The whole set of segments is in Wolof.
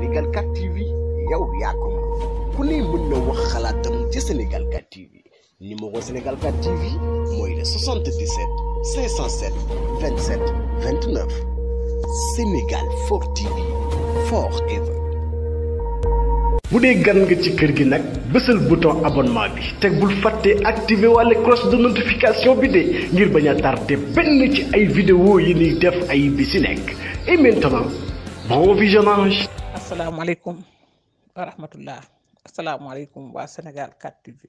Sénégal 4 TV yow yaa ko moom ku ne mën na wax xalaatam ci Sénégal 4 TV numéro Sénégal 4 TV moy le 77 507 27 29 Sénégal 4 TV forever. Si vous gan nga ci kër gi nak, le bouton abonnement bi teg bul faté activer walla cloche de notification bi dé ngir baña tardé benn ci ay vidéo yi ni def ay bi et maintenant bon visionnage Assalamualaikum, wa rahmatullah asalaamaaleykum waa Sénégal 4 TV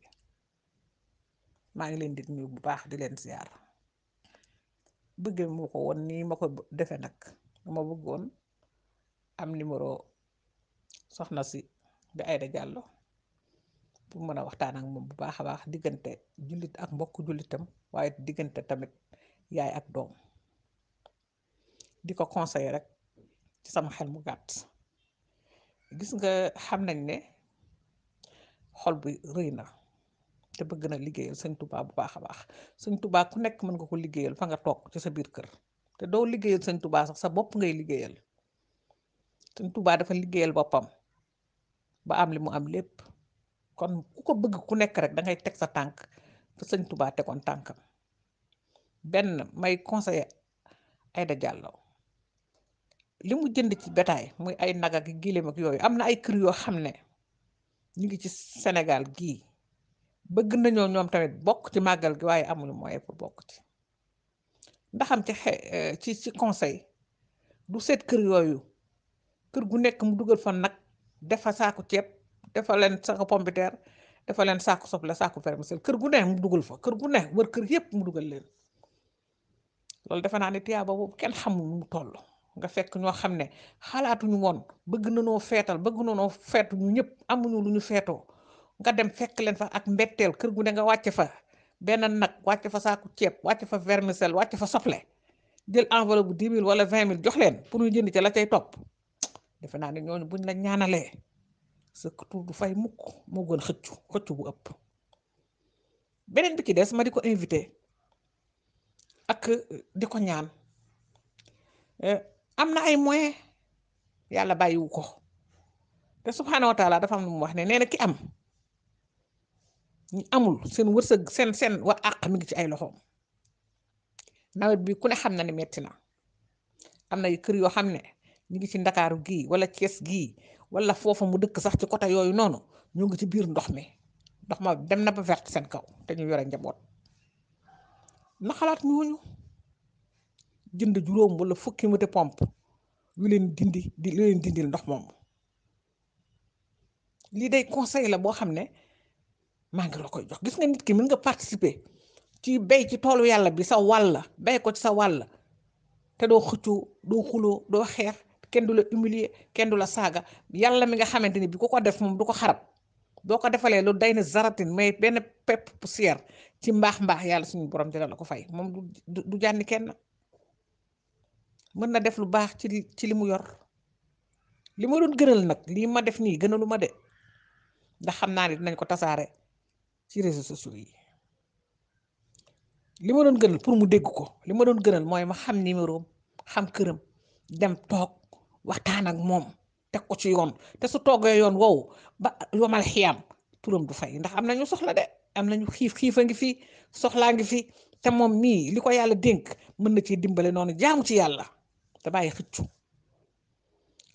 ma ngi len di nuyu bu baax di len ziar bëggee moo ko won ni mako defé nak dama bëggoon am numéro soxna si di ayda gallo. bu mëna waxtaan ak mom bu baax baax digënté julit ak mbokk julitam waye digënté tamit yaay ak doom diko conseiller rek ci sama xel mu gatt gis nga xam nañ ne xol bi rëy na te bëgg na liggéeyal sëñ tubaa bu baax a baax sëñ tubaa ku nekk mën nga ko liggéeyal fa nga toog ci sa biir kër te doo liggéeyal sëñ tubaa sax sa bopp ngay liggéeyal sëñ tubaa dafa liggéeyal boppam ba am li mu am lépp kon ku ko bëgg ku nekk rek dangay teg sa tànk fa sëñ tubaa tegoon tànkam benn may conseiller Aïda Diallo li mu jënd ci betaay muy ay nag ak giléem ak yooyu am na ay kër yoo xam ne ñu ngi ci Sénégal gii bëgg nañoo ñoom tamit bokk ci màggal gi waaye amuñu moyen pour bokk ci ndax am ci eh, ci ci conseil du seet kër yooyu kër gu nekk mu dugal fa nag defa saaku ceeb defa leen saaku pompiteer dafa leen saaku soble saaku vermicelle kër gu ne mu dugal fa kër gu neex wër kër yépp mu dugal leen loolu defe naa ne tiyaaba kenn xamul nu mu toll nga fekk ñoo xam ne xalaatuñu woon bëgg na noo feetal bëgg na noo feetu ñu ñëpp amuñu lu ñu feetoo nga dem fekk leen fa ak mbetteel kër gu ne nga wàcc fa benn nag wàcc fa saaku ceeb wàcc fa vermicelle wàcc fa sople jël enveloppe bu dix mille wala vingt mille jox leen pour ñu jënd ci la cay topp defe naa ne ñooñu buñ la ñaanalee sa tur du fay mukk moo gën xëccu xëccu bu ëpp beneen bi ci des ma di ko invité ak di ko ñaan eh, am na ay moyen yàlla bàyyiwu ko te subhaana wa dafa am lu mu wax ne nee na ki am ñu amul seen wërsëg seen seen wa àq mi ngi ci ay loxoom nawet bi ku ne xam na ni metti am na kër yoo xam ne ñu ngi ci ndakaaru gii wala Cees gii wala foofa mu dëkk sax ci côté yooyu noonu ñu ngi ci biir ndox mi ndox ma dem na ba fer seen kaw te ñu yore njaboot na xalaat ñooñu jënd juróom wala fukki mute pompe yu leen dindi di lu leen dindil ndox moom lii day conseil la boo xam ne maa ngi la koy jox gis nga nit ki mën nga participer ci bay ci toolu yàlla bi sa wàll la bay ko ci sa wàll la te doo xëccoo doo xuloo doo xeex kenn du la humilier kenn du la saaga yàlla mi nga xamante ni bi ku ko def moom du ko xarab boo ko defalee lu day na zaratin mais benn pep poussière ci mbaax mbaax yàlla suñu borom dina la ko fay moom du du mën na def lu baax ci ci li mu yor li ma doon gënal nag lii ma def nii gënalu ma de ndax xam naa ne nañ ko tasaare ci réseaux sociaux yi li ma doon gënal pour mu dégg ko li ma doon gënal mooy ma xam numéro xam këram dem toog waxtaan ak moom teg ko ci yoon te su toogee yoon wow ba yomal xiyam turam du fay ndax am nañu soxla de am nañu xiif xiifa ngi fi soxlaa ngi fi te moom mii li ko yàlla dénk mën na ci dimbale noonu jaamu ci yàlla te bàyyi xëccu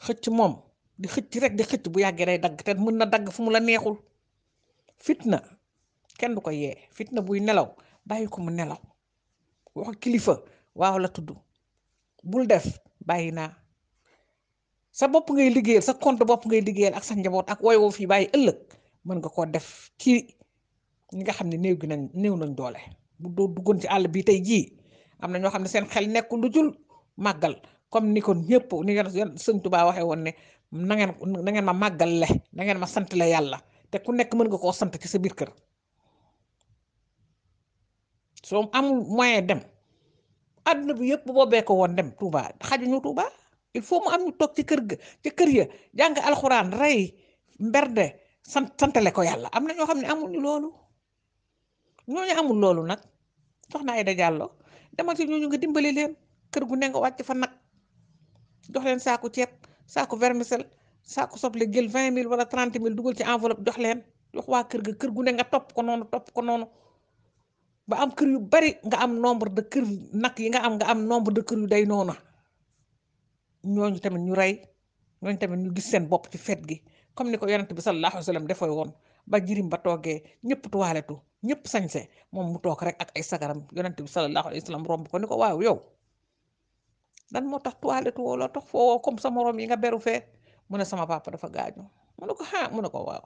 xëcc moom di xëcc rek di xëcc bu yàggee day dagg te mën na dagg fu mu la neexul fitna kenn du ko yee fitna buy nelaw bàyyi ko mu nelaw waxu kilifa waaw la tudd bul def bàyyi naa sa bopp ngay liggéeyal sa compte bopp ngay liggéeyal ak sa njaboot ak woy fii bàyyi ëllëg mën nga koo def ci ñi nga xam ne néew gi nañ néew nañ doole bu doo duggoon ci àll bi tey jii am na ñoo xam ne seen xel nekkul lu jul màggal comme ni ko ñepp ni nga sëñ Tuubaa waxe won ne na ngeen na ngeen ma magal le na ngeen ma sante le yalla te ku nek mën nga ko sante ci sa biir kër so am moyen dem aduna bi yëpp boobee ko won dem Touba xaju ñu Touba il faut mu am ñu tok ci kër ga ci kër ya jang alcorane rey mberde sante santale ko yalla am na xamni amul ñu lolu loolu ñu amul loolu toh soxna ay Diallo dama ci ñu nga dimbali len kër gu ne nga fa nak dox leen saaku ceeb saaku vermicel saaku soble jël vingt mille wala trente mille dugal ci enveloppe dox leen jox waa kër ga kër gu ne nga topp ko noonu topp ko noonu ba am kër yu bari nga am nombre de kër nag yi nga am nga am nombre de kër yu day noona ñooñu tamit ñu rey ñooñu tamit ñu gis seen bopp ci fet gi comme ni ko yonent bi sallallahu alayhi wa sallam defoy woon ba jirim ba toogee ñëpp tuwaaletu ñëpp sañse moom mu toog rek ak ay sagaram yonent bi sallallahu alayhi wa sallam ko ni ko waaw yow lan moo tax toilette woo la tax foo comme sa morom yi nga beru fee mu ne sama papa dafa gaañu mu ne ko ah mu ne ko waaw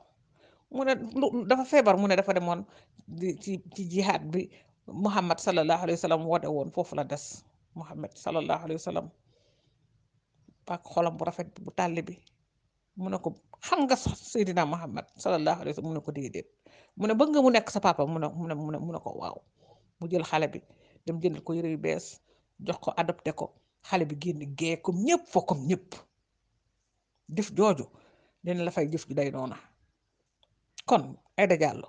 mu ne dafa feebar mu ne dafa demoon ci ci jihaad bi Muhammad sallallahu alayhi wa sallam woote woon foofu la des Muhammad sallallahu alayhi wa sallam ak bu rafet bu tàlli bi mu ne ko xam nga Seydina Muhammad sallallahu alayhi wa sallam mu ko déedéet mu ne bëgg nga mu nekk sa papa mu ne mu ne mu ne ko waaw mu jël xale bi dem jëndal ko yëre yu bees jox ko adopté ko. xale bi génn gee comme ñëpp fokkum comme ñëpp jëf jooju la fay jëf gi day noona kon ay dajàllu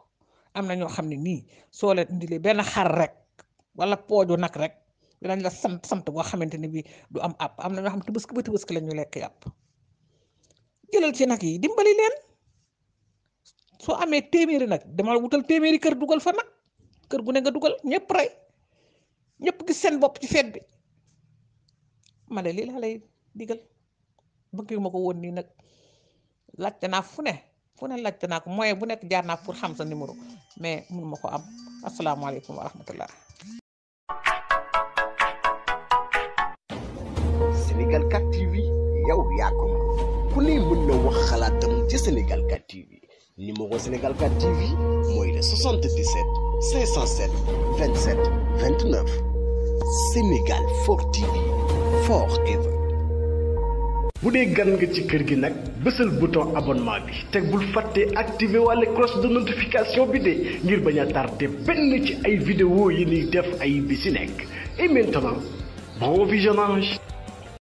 am na ñoo xam ne nii soo leen indilee benn xar rek wala pooju nag rek dinañ la sant sant boo xamante bi du am app am na ñoo xam tëbësk ba tëbësk lañu ñu lekk yàpp jëlal ci nag yi dimbali leen soo amee téeméeri nag demal wutal téeméeri kër dugal fa nag kër gu ne nga dugal ñëpp rey ñëpp gis seen bopp ci bi ma ne lii laa lay digal bëgg ma ko woon nii nag laajte naa fu ne fu ne laajte naa ko moyen bu nekk jaar naa pour xam sa numéro mais mun ma ko am asalaamaaleykum wa rahmatullah. Sénégal 4 TV yow yaa ku ne mën na wax xalaatam ci Sénégal 4 TV numéro Sénégal 4 TV mooy le 77 507 27 Sénégal 4 TV. forever. bu dee gan nga ci kër gi nag bésal bouton abonnement bi teg bul fàtte activé walla cloche de notification bi de ngir bañ a tardé benn ci ay vidéo yi ni def ay bi ci nekk et maintenant bon visionnage.